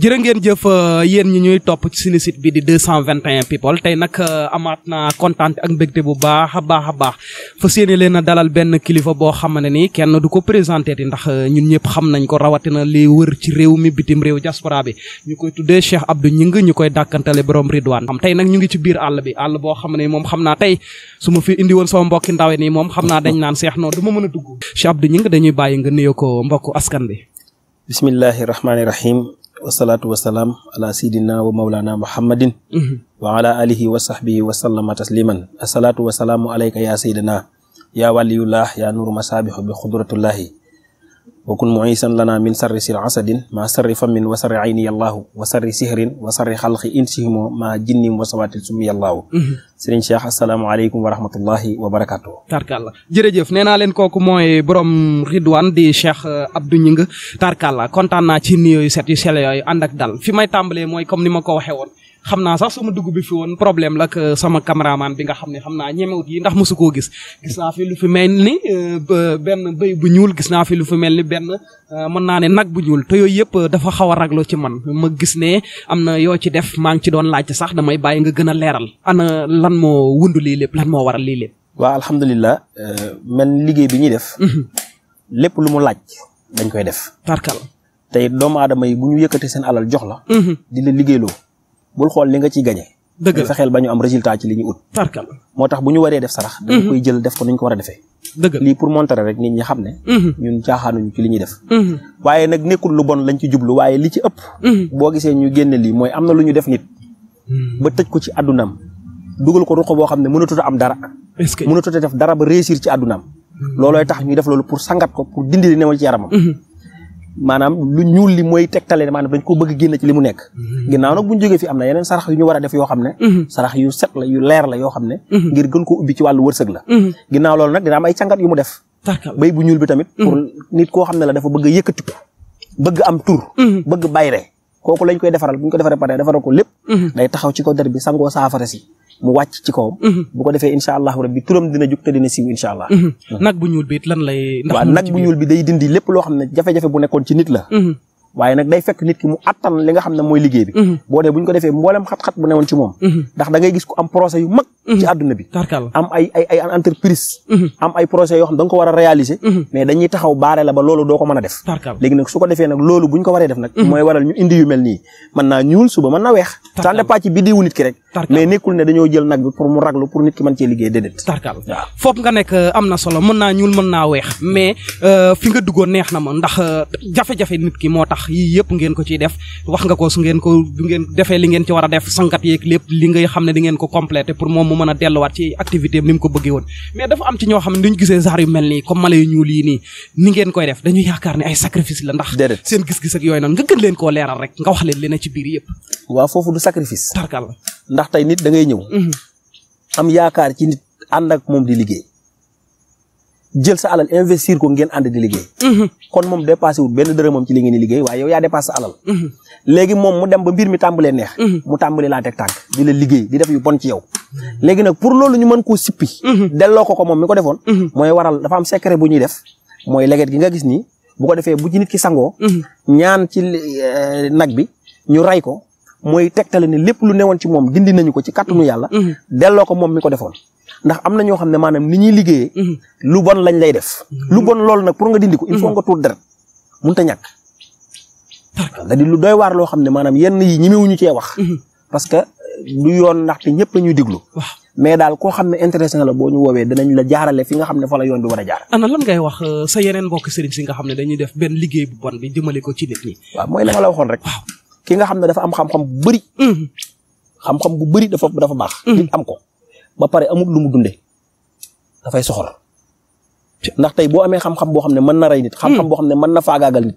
jërë ngeen jëf euh, yéen ñi ñuy topp ci suñu bi di 221 people tey nag euh, amaat na kontaan ak mbégte bu baax a baax a baax fas yéene leen a dalal benn kilifa boo xam ne ni kenn du ko présenter ti ndax euh, ñun ñëpp xam nañ ko rawatina li wër ci réew mi bitim réew diaspora bi ñu koy de Cheikh Abdou Gningue ñu koy dàkkantale borom Ridwaan xam tey nag ñu ngi ci biir àll bi àll boo xam ne moom xam naa tey su ma fi indi woon sama mbokki ndawe nii moom xam naa dañ naan seex non du ma mën a dugg Cheikh Abdou Gningue dañuy bàyyi nga nuyoo ko mbokku askan bi bismillahi rahmaani wasalaatu wasalaam ala sayidina wa maulana muhammadin wa ala alihi wa sahbihi wa sallama tasliman asalaatu wasalaamu alayka ya sayidina ya waliyullah ya nuuru masaabihu bi xudratullahi wa kun muisan lana min sarri sil asadin ma sarri famin wa sarri ayni yallaahu wa sarri sihrin wa sarri xalqi insihimo ma jinnim wa sawatil summi yallaahu mhm. sëriñ Cheikh asalaamaaleykum wa rahmatullahi wa barakaatu tarkalla jërëjëf nee naa leen kooku mooy borom ridwaan di Cheikh euh, Abdou Gningue tarkalla kontaan naa ci nuyoo yu set yu sell yooyu ànd ak dal fi may tambalee mooy comme ni ma ko waxee woon xam naa sax sama dugg bi fi woon problème la ak euh, sama caméraman bi nga xam ne xam naa ñemewut yi ndax su koo gis gis naa fi lu fi mel ni euh, benn béy bu ñuul gis naa fi lu fi mel ni benn euh, mën naa ne nag bu ñuul te yooyu yëpp dafa xaw a ragloo ci man ma gis ne am na yoo ci def maa ngi ci doon laajte sax damay bàyyi nga gën a leeral ana lan moo wund lii lépp lan moo waral lii lépp. waaw alhamdulilah man liggéey bi ñuy def. Mhm. lépp lu mu laaj dañ koy def. tarkal tey doomu aadama yi bu ñu yëkkatee seen alal jox la. Mhm. di liggéey loo bul xool li nga ciy gañe dëgg la fexeel ba ñu am résultat ci li ñu ut. tarkal moo tax bu ñu waree def sarax. dañ mhm. koy jël def ko ni ñu ko war a defee. dëgg lii pour montrer rek nit ñi xam ne. Mhm. ñun caaxaanuñu ci li ñuy def. Mhm. waaye nag nekkul lu bon lañ ci jublu waaye li ci ëpp. boo gisee ñu génne lii mooy am na lu ñu def nit. ba tëj ko ci àddunaam dugal ko ruq boo xam ne mënatut a am dara. est-ce que mënatut def dara ba réussir ci àddunaam. loolooy tax ñu def loolu pour sangat ko pour dindi li newal ci yaramam. maanaam lu ñuul li mooy tegtale maanaam dañ ko bëgg génn ci li mu nekk mhm. ginnaaw nag bu ñu jógee fi am na yeneen sarax yu ñu war a def yoo xam ne mhm. sarax yu set la yu leer la yoo xam ne mhm. ngir gën ko ubbi ci wàllu wërsëg la ginnaaw loolu nag dina am ay càngat yu mu def bay bu ñuul bi tamit pour nit koo xam ne la dafa bëgg a yëkkati ko bëgg am tur bëgg bayre kooku lañ koy defaral bu ñu ko defaree pare defaral ko lépp day taxaw ci ko der bi sangoo saafara si mu wàcc ci kaw mhm. bu ko defee incha allahu rabbi turam dina jug te dina siiw incha allah. Mhm. Mhm. nag bu ñuul bi it lan lay. day dindi lépp loo xam ne jafe-jafe bu nekkoon ci nit la. waaye nag day fekk nit ki mu attan li nga xam ne mooy liggéey bi. boo dee bu ñu ko defee mboolem xat-xat bu newoon ci moom. ndax da ngay gis ku am projet yu mag. ci yoo xam ko war a réaliser. mais dañuy taxaw baare la ba loolu doo ko mën a def. léegi nag su ko defee nag loolu bu ñu ko waree def nag. mooy waral ñu indi yu mel nii mën naa ñuul suba mën naa weex. ça dépend mais nekkul ne dañoo jël nag bi pour mu raglu pour nit ki mën cee liggéey déedéet. tarkal foofu nga nekk euh, am na solo mën naa ñuul mën naa weex mais euh, fi nga duggoon neex na ma ndax euh, jafe-jafe nit ki moo tax yii yëpp ngeen ko ci def wax nga ko su ngeen ko du ngeen defee li ngeen ci war a def sangat yeeg lépp li ngay xam ne di ngeen ko complété pour moom mu mën a delluwaat ci activité ni mu ko bëggee woon mais dafa am ci ñoo xam ne duñu gisee genre yu mel nii comme mala yu ñuul yi nii ni koy def dañu yaakaar ne ay sacrifice la ndax seen gis-gis yooyu noonu nga leen koo leeral rek nga wax leen li ne ci biir yëpp waaw foofu du sacrifice ndax tey nit da ngay ñëw. Mhm. am yaakaar ci nit ànd ak moom di liggéey. jël sa alal investir ko ngeen ànd di liggéey. Mhm. kon moom dépassé wul benn dërëmam ci li ngeen di liggéey waaye yow yaa dépassé sa alal. Mhm. léegi moom mu dem ba mbir mi tàmbalee neex. mu tàmbalee laa teg tànk di la liggéey di def yu bon ci yow. léegi nag pour loolu ñu mën koo sippi. delloo ko ko moom mi ko defoon. mooy waral dafa am secret bu ñuy def mooy leget gi nga gis nii bu ko defee bu ci nit ki sangoo. ñaan ci eh, nag bi ñu ko. mooy tegtale ni lépp lu newoon ci moom dindi nañu ko ci kàttanu mm-hmm. yàlla. Mm-hmm. delloo ko moom mi ko defoon. ndax am na ñoo xam ne maanaam ni ñuy liggéeyee. Mm-hmm. lu bon lañ lay def. lu bon loolu nag pour nga dindi ko. il faut nga tuur deret mënut a ñàkk. da di lu doy waar loo xam ne maanaam yenn yi ñemewuñu cee wax. parce que euh, du yoon ndaxte ñëpp la ñuy déglu. mais daal koo xam ne intéressé la boo ñu woowee danañ la jaarale fi nga xam ne fa la yoon bi war a jaar. ana lan ngay wax euh, sa yeneen mbokk sëriñ si nga xam ne dañuy def benn liggéey bu bon bi jëmale ko ci nit ñi. waaw mooy la la waxoon rek. ki nga xam ne dafa am xam-xam bu bëri. Mm-hmm. xam-xam bu bëri dafa dafa baax. Mm-hmm. nit am ko ba pare amut lu mu dunde dafay soxor. ndax tey boo amee xam-xam boo xam ne mën na rey nit. Mm-hmm. xam-xam boo xam ne mën na faagaagal nit.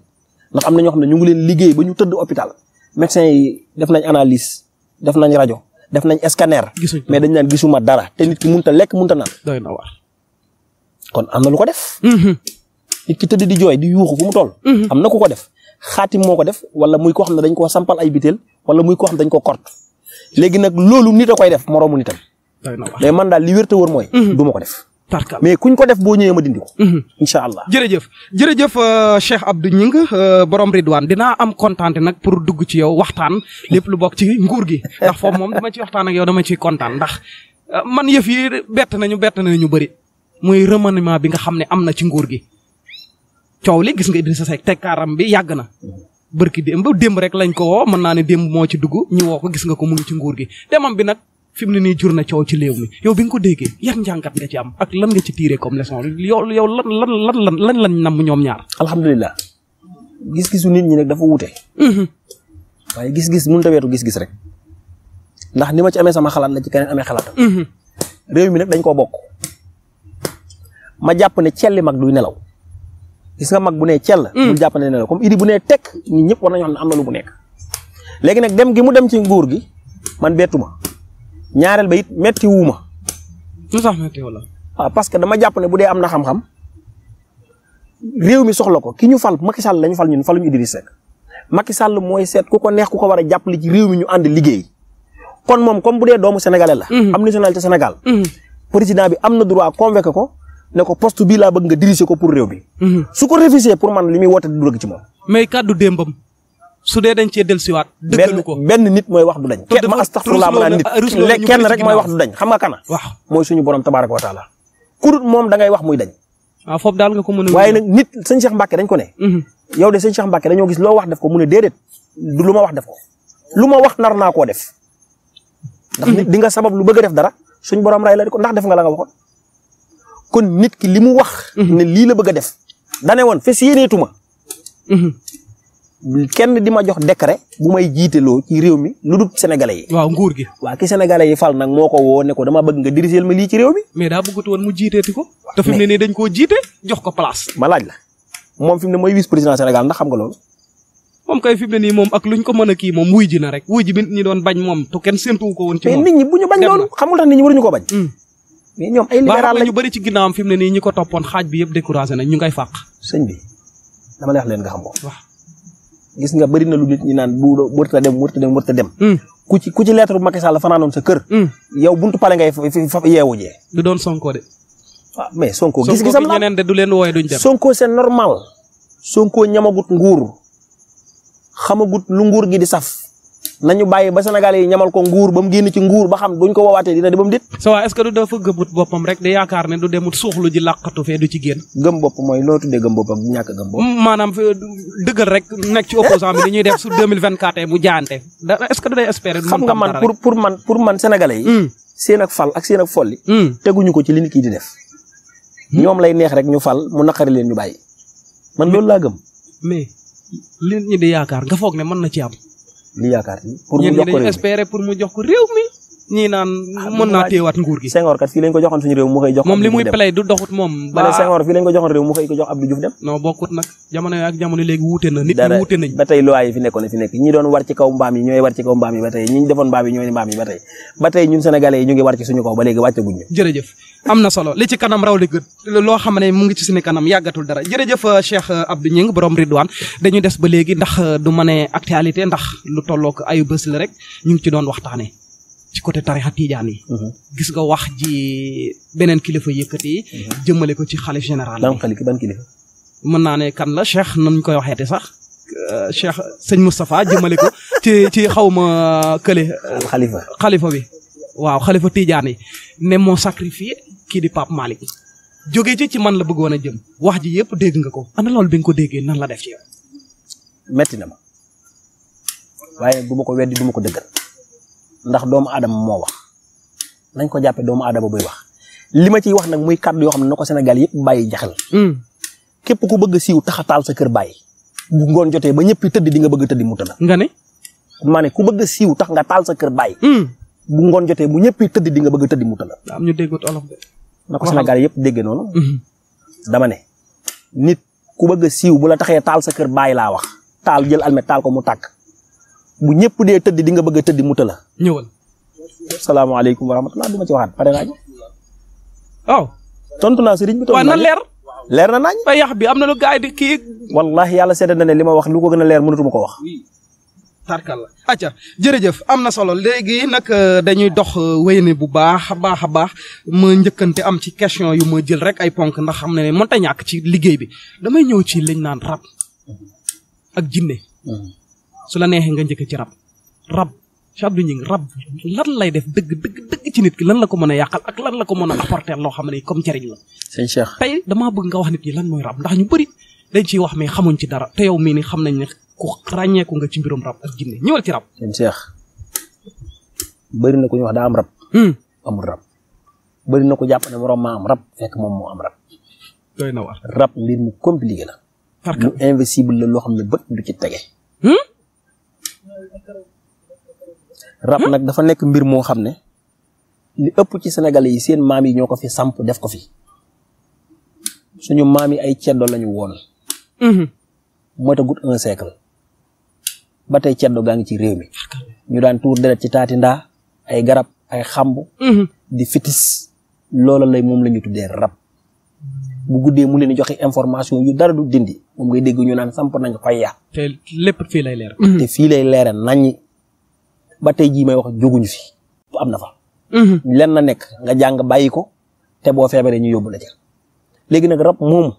ndax am na ñoo xam ne ñu ngi leen liggéey ba ñu tëdd hôpital. médecin yi def nañ analise def nañ rajo def nañ scanner. mais dañ naan gisuma dara te nit ki mënut a lekk mënut a naan. kon am na lu ko def. nit ki tëdd di jooy di yuuxu fu mu toll. am na ku ko def. xaati moo ko def wala muy koo xam ne dañ koo sampal ay biteel wala muy koo xam ne dañ ko kort léegi nag loolu nit a koy def moroomu nitam. mais man daal li wér te wóor mooy. Mhm. du ma ko def. mais kuñ ko def boo ñëwee ma dindi ko. Mhm. incha allah jërëjëf jërëjëf euh, Cheikh Abdou Gningue euh, borom Ridwaan dinaa am kontaan nag pour dugg ci yow waxtaan lépp lu bokk ci nguur gi ndax foofu moom dama ci waxtaan ak yow dama ciy kontaan ndax euh, man yëf yi bett nañu bett nañu bëri muy remaniement bi nga xam ne am na ci nguur gi coow li gis nga Idrissa Seck te kaaram bi yàgg na bërki démb démb rek lañ ko woo mën naa ne démb moo ci dugg ñu woo ko gis nga ko mu ngi ci nguur gi demam bi nag fi mu ne nii jur na coow ci réew mi yow bi nga ko déggee yan njàngat nga ci am ak lan nga ci tiiree comme leçon yow yow lan lan lan lan lan lañ namm ñoom ñaar. alhamdulilah gis-gisu nit ñi nag dafa wuute. Mhm. waaye gis-gis mënut a weetu gis-gis rek ndax ni ma ci amee sama xalaat la ci keneen amee xalaatam. Mhm. réew mi dañ koo bokk ma jàpp ne celli mag nelaw. gis nga mag bu nee cell mm. bul jàpp ne la comme idi bu nee tekk ñun ñëpp war nañoo xam ne am na lu mu nekk léegi nag dem gi mu dem ci nguur gi man bettuma ñaareel ba it metti wuuma tout sax metti wala waaw parce que dama jàpp ne bu dee am na xam-xam réew mi soxla ko ki ñu fal Macky Sall la ñu fal ñun faluñu Idrissa Seck Macky Sall mooy seet ku ko neex ku ko war a jàppale ci réew mi ñu ànd liggéey kon moom comme bu dee doomu sénégalais la mm-hmm. am nationalité Sénégal mm-hmm. président bi am na droit convoqué ko ne ko poste bii laa bëgg nga diriger ko pour réew bi mhm. su ko refusé pour man li muy woote du dëgg ci moom. mais kàddu démbam su dee dañ cee dellusiwaat. dëggalu ko benn nit mooy wax du dañ. te ma astaxfirullah ma naan nit kenn rek mooy wax du dañ xam nga kana. waaw mooy suñu borom tabaaraka wa taala. ku dul moom da ngay wax muy dañ. waaw foofu daal nga ko mën a. waaye nag nit sëñ Cheikh Mbacke dañ ko ne. Mhm. yow de sëñ Cheikh Mbacke dañoo gis loo wax def ko mu ne déedéet du lu ma wax def ko lu ma wax nar naa koo def. ndax mhm. nit di nga sabab lu bëgg def dara suñ borom ray la di ko ndax def nga la nga waxoon kon nit ki li mu wax. Mhm. ne lii la bëgg a def. dane woon fes yéeneetu ma. Mhm. kenn di ma jox décret bu may jiiteloo ci réew mi lu dul sénégalais yi. waaw nguur gi. waa ki sénégalais yi fal nag moo ko woo ne ko dama bëgg nga dirigeel ma lii ci réew mi. mais daa bëggatu woon mu jiiteeti ko. te fi mu ne nii dañ koo jiite jox ko place. ma laaj la moom fi mu ne mooy vice président Sénégal ndax xam nga loolu. moom kay fi mu ne nii moom ak luñ ko mën a kii moom wuy ji na rek wuy ji bi nit ko woon. ci moom mais nit ñi mais ñoom ay libéral la ñu bëri ci ginnaawam fi mu ne nii ñi ko toppoon xaaj bi yëpp découragé nañ ñu ngay fàq. sëñ bi dama lay wax leen nga xam ko. gis nga bëri na lu nit ñi naan bu wërta dem wërta dem wërta dem. Hmm. ku ci ku ci lettre bu Macky Sall fanaanoon sa kër. Hmm. yow buntu pale ngay fa yeewu jee. du doon Sonko de. sonkoo ah, mais Sonko gis-gisam la Sonko ñeneen de du leen wooye duñ dem. Sonko c'est normal. Sonko ñamagut nguur xamagut lu nguur gi di saf. nañu bàyyi ba Sénégal yi ñamal ko nguur ba mu génn ci nguur ba xam duñ ko woowaatee dina di ba mu dit sa waa est du dafa gëm bopp mooy loo tuddee gëm bopp ak ñàkk gëm bopp maanaam euh, dëggal rek nekk ci opposant bi dañuy def su 2024 bu jaante est-ce que du day espérer xam nga man pour pour man pour man Sénégalais yi hmm. seen ak fal ak seen ak folli hmm. teguñu ko ci li nit ki di def hmm. ñoom lay neex rek ñu fal mu naqari leen ñu bàyyi man loolu li yaakaar ni pour mu jox pour mu jox ko réew mi. ñii naan ah, mën naa téewaat nguur gi Senghor kat fii lañ ko joxoon suñu réew mu koy li muy play du doxut moom ba Senghor fii lañ ko joxoon réew mu koy ba tey loi yi fi nekkoon fi nekk ñi doon war ci kaw mbaam yi ñooy war kaw mbaam yi ba tey ñi defoon mbaam yi ñooy mbaam yi ba tey ñun sénégalais yi ñu ngi war ci suñu kaw ba léegi wàccaguñ ñu jërëjëf am na solo li ci kanam raw gët loo xam ne mu ngi ci suñu kanam yàggatul dara jërëjëf euh, Cheikh euh, Abdou Gningue borom Ridwane dañu des ba léegi ndax euh, du ma ne actualité ndax lu tollook ay bés la rek ñu ngi ci doon waxtaane ci côté tarixa tiijaan yi mhm. gis nga wax ji beneen kilifa yëkkati mhm. jëmale ko ci xalif général mën naa ne kan la cheikh nañ koy waxee waxeeti sax euh, cheikh sëñ Moustapha jëmale ko ci ci xaw ma kële xalifa xalifa bi waaw xalifa tiijaan yi ne moo sacrifié kii di Pape Malick jóge ci ci man la bëggoon a jëm wax ji yëpp dégg nga ko ana loolu bi nga ko déggee nan la def ci yow metti na ma waaye du ko weddi du ma ko dëggal ndax doomu aadama moo wax nañ ko jàppe doomu aadama buy wax li ma ciy wax nag muy kàdd yoo xam ne na ko senegal yëpp bàyyi jaxal hmm. képp ku bëgg a siiw taxataal sa kër bàyyi bu ngoon jotee ba ñëpp tëdd di nga bëgg tëddi mu tëdd nga ne maa ne ku bëgg a tax nga taal sa kër bàyyi hmm. bu ngoon jotee bu ñëpp tëdd di nga bëgg tëddi mu tëdd am ñu déggut olof na ko senegal yëpp dégg noonu hmm. dama ne nit ku bëgg siiw bu la taxee taal sa kër bàyyi laa wax taal jël almet taal ko mu takk bu ñëpp dee tëdd dinga bëgg a tëdd mu la ñëwal. salaamaaleykum wa rahmatulah du ma ci waxaat pare naa ñu. waaw. tontu naa sëriñ bi. waaw na leer. leer na nañ. waaye yàq bi am na lu gaay di kii. wallaahi yàlla seede na ne li ma wax lu ko gën a leer mënatuma ko wax. tarkalla acca jërëjëf am na solo léegi nag euh, dañuy dox euh, wéyne bu baax a baax a baax ma njëkkante am ci question yu ma jël rek ay ponk ndax xam na ne mënta ñàkk ci liggéey bi damay ñëw ci liñ naan ak jinne mm-hmm. su la neexee nga njëkk ci rab rab ci Abdou Gningue rab lan lay def dëgg dëgg ci nit ki lan la ko mën a yàqal ak lan la ko mën a apporter loo xam ne comme njëriñ la. sëñ Cheikh tey damaa bëgg nga wax nit ki lan mooy rab ndax ñu bëri dañ ciy wax mais xamuñ ci dara te yow mii ni xam nañ ne ku ràññeeku nga ci mbirum rab ak jinne ñëwal ci rab. sëñ Cheikh bëri na ku ñu wax rab. Hmm. rab bëri na ko jàpp ne borom maa rab moom moo am rab. na war rab mbir mu compliqué la. lu invisible la loo xam ne bët du ci tege. Hmm? rab nag dafa nekk mbir moo xam ne li ëpp ci Sénégalais yi seen maam yi ñoo ko fi samp def ko fi suñu maam yi ay ceddo lañu woon. Mhm. mooy tagut un siècle ba tey ceddo gaa ngi ci réew mi ñu daan tuur deret ci taati ndaa ay garab ay xamb. Mhm. di fitis loola lay moom la ñu tuddee rab. bu guddee mu leen di joxe information yu dara du dindi moom ngay dégg ñu naan samp nañ xoyya. te lépp fii lay leer. Mhm. te fii lay leere nañ ba tey jii may wax jóguñu fi am na fa. Mhm. lenn na nekk nga jàng bàyyi ko te boo feebaree ñu yóbbu la ca. léegi nag rab moom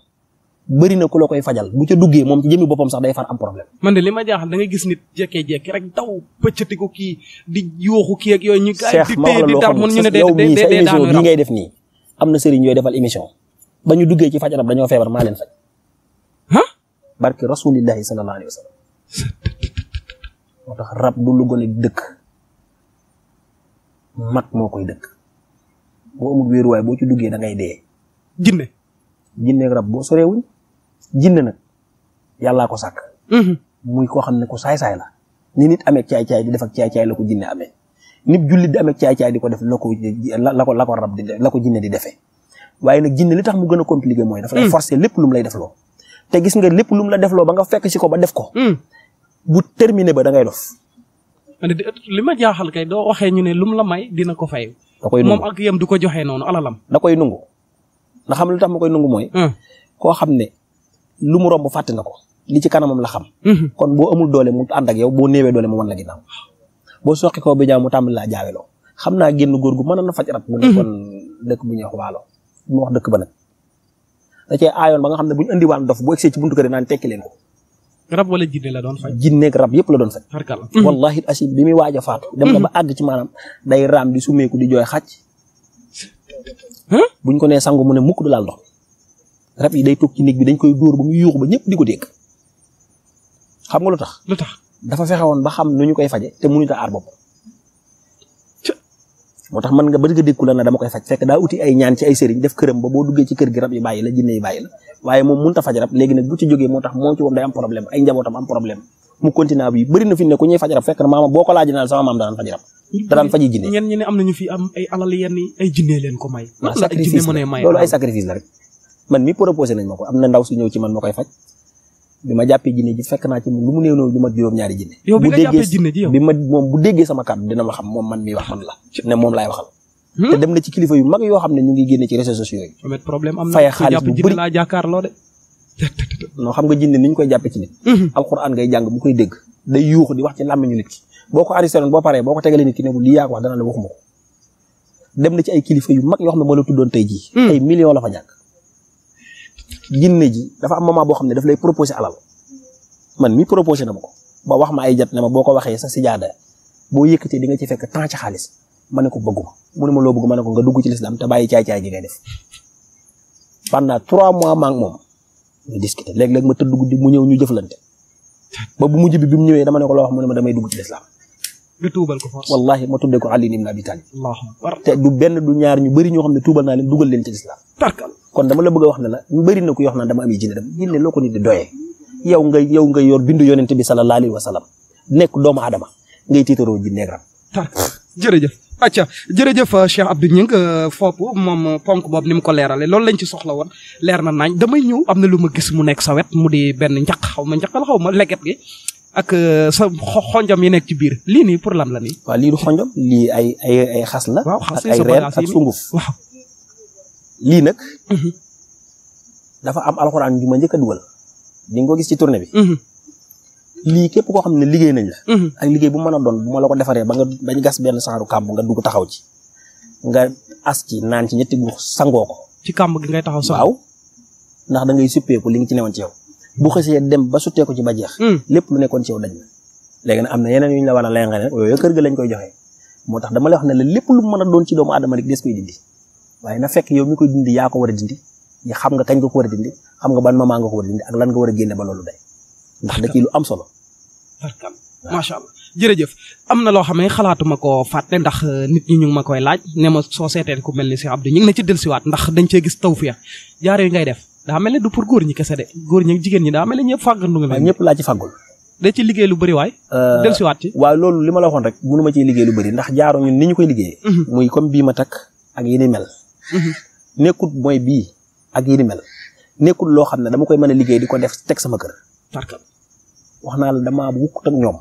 bëri na ku la koy fajal bu ca duggee moom ci jëmmi boppam sax day far am problème. man de li ma jaaxal da ngay gis nit jékkee jekki rek daw pëccati ko kii di yooxu kii ak yooyu. ñu gars yi di téye di dar ñu ne de de de sa émission bii ngay def nii am na seriñ yooyu defal émission. ba ñu duggee ci faj arab dañoo feebar maa leen faj. ah. barki rasulillahi sallallahu wa sallam. moo tax rab du gone dëkk mag moo koy dëkk boo amul wéeruwaay boo ci duggee dangay ngay dee. jinne. jinne rab boo soreewuñ jinne nag yàllaa ko sàkk. Mm-hmm. muy koo xam ne ku saay-saay la. ni nit amee caay-caay di def ak caay-caay la ko jinne amee. nit jullit di amee caay-caay di ko def la ko la ko la ko rab di la ko jinne di defee. waaye nag jinne li tax mu gën a compliqué mooy dafa lay mm. forcer lépp lu lay def loo te gis nga lépp lu mu la def loo ba nga fekk ci ko ba def ko mm. bu terminé ba da ngay dof li ma jaaxal kay doo waxee ñu ne lu mu la may dina ko fay da koy moom ak yam du ko joxee noonu alalam da koy nungu nga xam lu tax ma koy nungu mooy mm. koo xam ne lu mu romb fàtte na ko li ci kanamam la xam mm-hmm. kon boo amul doole mu ànd ak yow boo néewee doole mu wan la ginnaaw boo soqi koo bi jaaw mu tàmbali laa jaaweloo xam naa génn góor gu mën na faj rab mu mm-hmm. nekkoon dëkk bu ñuy wax waalo mu wax dëkk ba nag da cee aayoon ba nga xam ne bu ñu indiwaan dof bu egsee ci buntu kër naan tekki leen ko. rab wala jinne la doon faj. jinne ak rab yëpp la doon faj. wallahi asim bi muy waaj a faatu. dem na ba àgg ci maanaam day raam di sumeeku di jooy xaj. ko nee sangu mu ne mukk du laal rab yi day toog ci néeg bi dañ koy dóor ba mu yuuxu ba ñëpp di ko dégg. xam nga lu tax. lu tax dafa fexe woon ba xam nu ñu koy faje te mënut a aar bopp moo tax mën nga bëgg a dékku la na dama koy faj fekk daa uti ay ñaan ci ay sëriñ def këram ba boo duggee ci kër gi rab yi bàyyi la jinne yi bàyyi la waaye moom mënut a faj rab léegi nag bu ci jógee moo tax ne ku ñuy faj rab fekk boo ko laaj naal sama maam daan faj rab daan faji jinne ñenn ñi ne am nañu fi am ay alal yenn ay jinne leen ko may loolu ay sacrifice la rek man mi proposé nañ ma ko am na ndaw su ñëw ci man ma koy faj bi ma jàppee jinne ji fekk naa ci lu mu néew néew lu ma juróom-ñaari jinne bi ma moom bu déggee sama kàddu dina ma xam mi wax man la ne hmm? ngi génne ci réseaux sociaux jinne ni ñu koy ci nit hmm. alxuraan ngay jàng ko enregistré woon boo paree boo ko tegalee nit ki ne ko lii yaa ko wax dana la waxuma ko dem na ci ay kilifa yu mag yoo xam ne moo la tuddoon tey jii hmm. ay millions la fa ñàkk jinne ji dafa am moment boo xam ne daf lay proposé alal man mi proposé na ma ko ba wax ma ay jat ne ma boo ko waxee sa sijaada boo yëkkatee di nga ci fekk temps ci xaalis ma ne ko bëgguma mu ne ma loo bëgg ma ne ko nga dugg ci lislam te bàyyi caay gi ngay def pendant trois mois maa moom ñu discuter léeg-léeg mu ñëw ñu jëflante ba bu mujj bi bi mu ñëwee dama ne ko la wax mu ne ma damay dugg ci lislam nga tuubal ko force wallahi ma tuddee ko Ali ibn Abi Talib te du benn du ñaar ñu bëri ñoo xam ne tuubal naa leen dugal leen ci lislam kon dama la bëgg a wax ne la bëri na ku yoo xam ne dama am jinne dem jinne loo ko nit di doyee yow nga yow nga yor bindu yonent bi sallallahu alayhi wa sallam nekk doomu aadama ngay tiitaroo jinneeg rab jërëjëf acca jërëjëf euh, Cheikh Abdou Gning euh, foofu moom euh, ponk boobu ni mu ko leerale loolu lañ ci soxla woon leer na naañ damay ñëw am na lu ma gis mu nekk sa wet mu di benn njaq xaw ma njaqal xaw ma leget gi ak sa xonjom yi nekk ci biir lii nii pour lan la nii waaw lii du xonjom lii ay ay xas la ay reer ak sunguf lii nag. Mhm. dafa am alxuraan ju ma njëkk a dugal. di nga ko gis ci tournée bi. Mhm. lii képp koo xam ne liggéey nañ la. Mhm. ak liggéey bu mën a doon bu ma la ko defaree ba nga bañ gas benn saaru kàmb nga dugg taxaw ci. nga as ci naan ci ñetti guux sangoo ko. ci kàmb gi ngay taxaw sax waaw. ndax da ngay suppeeku li nga ci newoon ci yow. bu xasee dem ba suttee ci ba jeex. lépp lu nekkoon ci yow dañ na. léegi nag am na yeneen yu ñu la war a lay nga ne yooyu kër ga lañ koy joxe moo tax dama lay wax ne la lu mën a ci doomu aadama rek des koy dindi waaye na fekk yow mi ko dindi yaa ko war a dindi ya xam nga kañ nga ko war a dindi xam nga ban a dindi ak lan a génne ba loolu da ciy lu am solo macha allah jërëjëf am na loo xam ne xalaatuma koo fàtte ndax euh, nit ñi ñu ma koy laaj ne ma soo seetee ku mel ni si Abdou ñu ngi na ci dellusiwaat dañ cee gis tawfiya jaare yi ngay def daa mel ne du pour góor ñi kese de jigéen ñi daa mel ne ñëpp fàggandu ñëpp laa ci fàggul liggéey lu bari waay euh, dellusiwaat ci waaw loolu li ma la waxoon rek mënu ma ciy liggéey lu bëri ndax jaaro ñun ni ñu koy liggéey mhm. muy comme bii ma takk ak yi ni mel Mhm. nekkut mooy bii ak yi ni mel nekkut loo xam ne dama koy mën a liggéey di ko def teg sama kër. wax naa la damaa wukkut ak ñoom.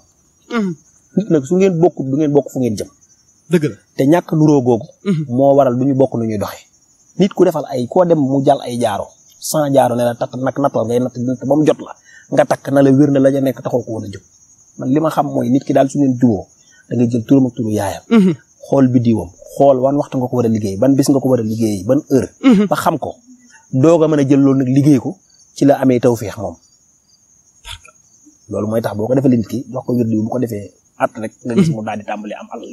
Mhm. nit nag su ngeen bokkut bu ngeen bokk fu ngeen jëm. dëgg te ñàkk nuróo googu. Mhm. moo waral du ñu bokk nu ñuy doxee. nit ku defal ay koo dem mu jàll ay jaaro sans jaaro ne la takk nag nattal ngay natt dina ba jot la nga takk na la wér la ja nekk taxoo ko woon a jëm man li ma xam mooy nit ki daal su ngeen da ngay jël turam ak yaayam. xool biddiwam xool wan waxtu nga ko war a liggéey ban bis nga ko war a liggéey ban heure. Mhm. ba xam ko doog a mën a jël loolu nag liggéey ko ci la amee tawféex moom. loolu mooy tax boo ko defee ki jox ko wird bu ko defee at rek. nga gis mu daal di tàmbali am allah.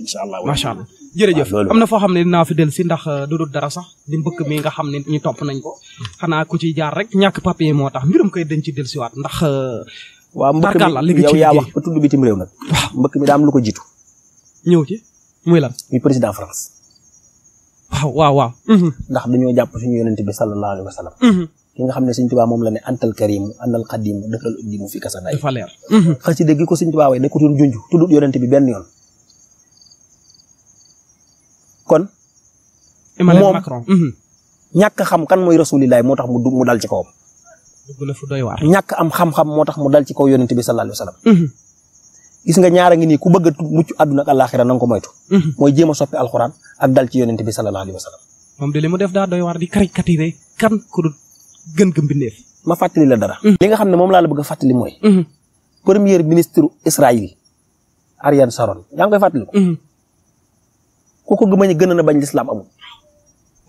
macha allah jërëjëf am na foo xam ne naa fi dellu si ndax uh, du dul dara sax di mbëkk mi nga xam ne ñu topp nañ ko. xanaa ku ci jaar rek ñàkk papier moo tax mbirum koy dañ ci dellusiwaat ndax. Uh, waa mbëkk mi yow yaa wax ba tudd bitim réew nag. mbëkk mi daa am lu ko jiitu ñëw ci muy lan muy président France. waaw waaw waaw. Mhm. ndax dañoo jàpp suñu yonent bi sallallahu alayhi wa sallam. Mhm. nga xam ne Sëñ Tuubaa moom la ne antal karimu anal xadimu dëkkal uddimu fi kasanaay. dafa leer. Mhm. xasida gi ko Sëñ Tuubaa way da ko doon bi benn yoon. kon. Emmanuel Macron moom ñàkk xam kan mooy rasulillahi moo tax mu mu dal ci kawam. dugg la fu doy am xam-xam moo tax mu dal ci kaw yonent bi sallallahu alayhi wa gis nga ñaara ngi nii ku bëgg a mucc àdduna ak àllaaxira na ko moytu. Mhm. mooy jéem a soppi alxuraan ak dal ci yonent bi sallallahu alayhi wa sallam. moom de def daa doy waar di caricature kan ku dul gën gëm ma fàttali la dara. Mhm. nga xam ne moom laa la bëgg mooy. Mhm. premier ministre Israël Ariane Sharon yaa ngi koy fàttali ko. ku ko gëm gën a bañ lislaam amul.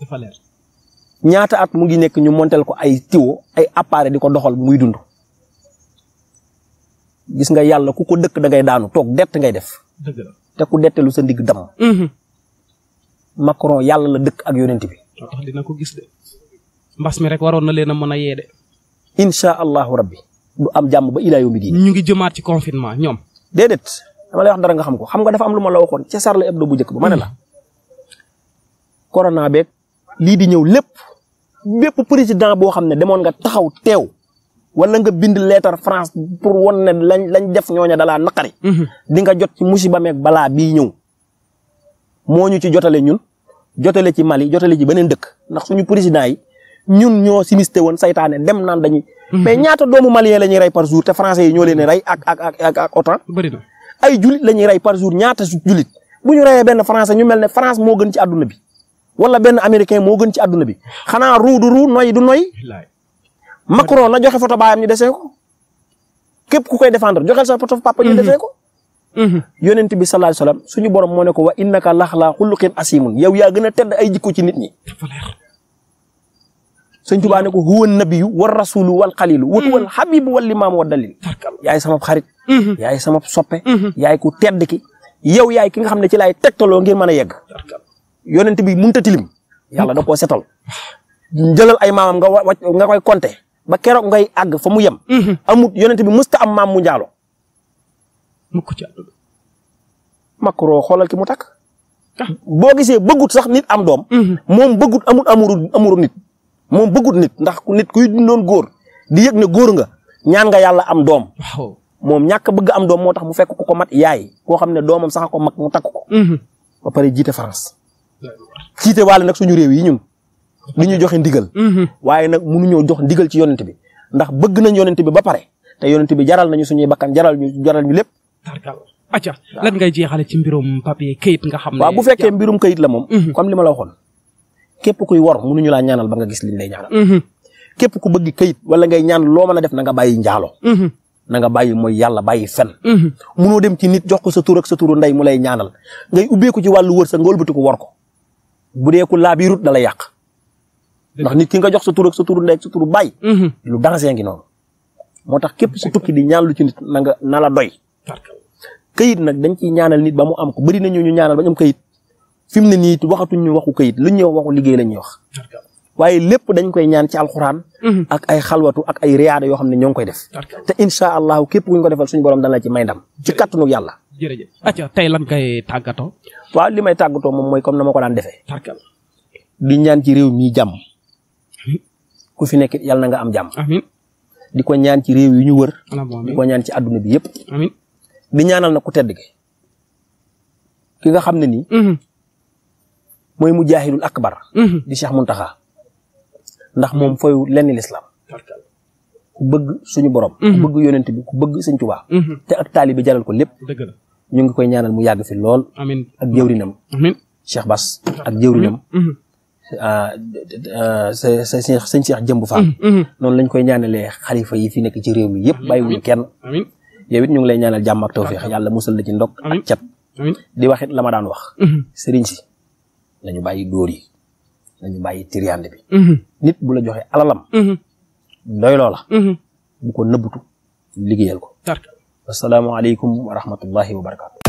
dafa leer ñaata at mu ngi nekk ñu montel ko ay tiwo ay appareil di ko doxal muy dund. gis nga yàlla ku ko dëkk da ngay daanu toog dett ngay def. te ku dettelu sa ndigg dam mm-hmm. Macron yàlla la dëkk ak yonent bi. ko gis de mbas mi rek waroon na leen a mën a yee de. incha allahu rabbi du am jàmm ba ilaa yawmi ñu ngi jëmaat ci confinement ñoom. déedéet dama lay wax dara nga xam ko xam nga dafa am lu ma la waxoon ca Charlie Hebdo bu jëkk ba ma ne la. corona beeg lii di ñëw lépp bépp président boo xam ne demoon nga taxaw teew. wala nga bind leetar France pour won ne lañ lañ def ñooña dalaa naqari. Mhm. di nga jot ci musiba meeg balaa bii ñëw. moo ñu ci jotale ñun jotale ci Mali jotale ci beneen dëkk ndax suñu président yi ñun ñoo simisté woon seytaane dem naan dañuy. Mhm. mais ñaata doomu mali la ñuy rey par jour te français yi ñoo leen rey ak ak ak ak ak OTAN. ay julit la ñuy rey par jour ñaata julit bu ñu reyee benn français ñu mel ne France moo gën ci àdduna bi wala benn américain moo gën ci àdduna bi xanaa ruu Macron na joxe photo baayam ñu desee ko képp ku koy défendre joxeel sa photo papa ñu mhm. desee ko. Mhm. yonent bi sallallahu alayhi wasallam suñu borom moo ne ko wa innaka laxlaa xuluqin asimun yow yaa gën a tedd ay jikko ci nit ñi. sëñ Tuubaa ne ko huwa nabiyu wa rasulu wal xalilu wa huwa mhm. alxabibu wal limaamu wa dalil yaay sama xarit. yaay sama soppe. yaay ku tedd ki. yow yaay ki nga xam ne ci laay tegtaloo ngir mën a yegg. yonent bi mënut a tilim. yàlla da koo setal. Ah. jëlal ba keroog ngay àgg fa mu yem. Mhm. amut yonent bi mësta am maam mu njaalo. mukk ci xoolal ki mu takk. Ah. boo gisee bëggut sax nit am doom. Mhm. moom bëggut amut amuru amuru nit. moom bëggut nit ndax nit kuy dundoon góor di yëg ne góor nga ñaan nga yàlla am doom. moom ñàkk bëgg am doom moo tax mu fekk ko mat yaay koo xam ne doomam sax ko mag mu takk ko. Mhm. ba pare jiite France. jiite waale nag suñu réew yi ñun. li ñu joxe ndigal. Mm-hmm. waaye nag mënuñoo jox ndigal ci yonent bi ndax bëgg nañ yonent bi ba pare te yonent bi jaral na suñuy bakkan jaral ñu jaral ñu lépp. acca lan ngay jeexale ci mbirum papier kayit nga xam ne. waaw bu fekkee mbirum kayit la moom. Mm-hmm. comme li ma la waxoon képp kuy wor mënuñu laa ñaanal ba nga gis liñ lay ñaanal. Mm-hmm. képp ku bëgg kayit wala ngay ñaan loo mën a def na nga bàyyi njaalo. na nga bàyyi mooy yàlla bàyyi fen. munoo dem ci nit jox ko sa tur ak sa turu ndey mu lay ñaanal ngay ubbeeku ci wàllu wërsëg nga ëlbatiku wor ko bu dee ku laabiirut da lay yàq. ndax nit ki nga jox sa tur ak sa turu ndey ak sa turu baay. Mhm. lu dansé ngi noonu. moo tax képp su tukki di ñaan lu ci nit na nga na la doy. kayit nag dañ ciy ñaanal nit ba mu am ko bëri na ñu ñu ñaanal ba ñu am kayit mu ne nii waxatuñ ñu waxu kayit lu ñuy waxu liggéey la ñuy wax. waaye lépp dañ koy ñaan ci alxuraan. Mhm. ak ay xalwatu ak ay riyaada yoo xam ne ñoo ngi koy def. te incha allahu képp ku ñu ko defal suñu borom dana la ci may ndam. ci kattanu yàlla. jërëjëf acca tey lan kay tàggatoo. waaw li may tàggatoo moom mooy comme na ma ko daan defee. di ñaan ci réew mi jàmm. ku fi nekk yàlla na nga am jàmm. di ko ñaan ci réew yi ñu wër. di ko ñaan ci àdduna bi yëpp. di ñaanal na ku tedd ki ki nga xam ne ni mhm. mooy mujaahidul akbar. Mhm. di Cheikh Muntaxa ndax moom fooyu lenn lislaam ku bëgg suñu borom. Mhm. ku bëgg yonent bi ku bëgg Sëñ Tuubaa. te ak taalibe jaral ko lépp. ñu ngi koy ñaanal mu yàgg fi lool. amiin ak jëwrinam. amiin Cheikh ak jëwrinam. Euh, euh, euh, sa sa a Cheikh Jëmb Fall mm, mm-hmm. noonu lañ koy ñaanalee xalifa yi fi nekk ci réew mi yëpp bàyyiwuñ kenn yow it ñu ngi lay ñaanal jàmm ak tawféex yàlla musal la ci ndog ak cat di wax lama la ma daan wax mm-hmm. sëriñ si nañu bàyyi dóor yi nañu bàyyi tiriande bi mm-hmm. nit bu la joxe alalam doy loola bu ko nëbbutu liggéeyal ko asalaamaaleykum wa rahmatullahi wa barakaatu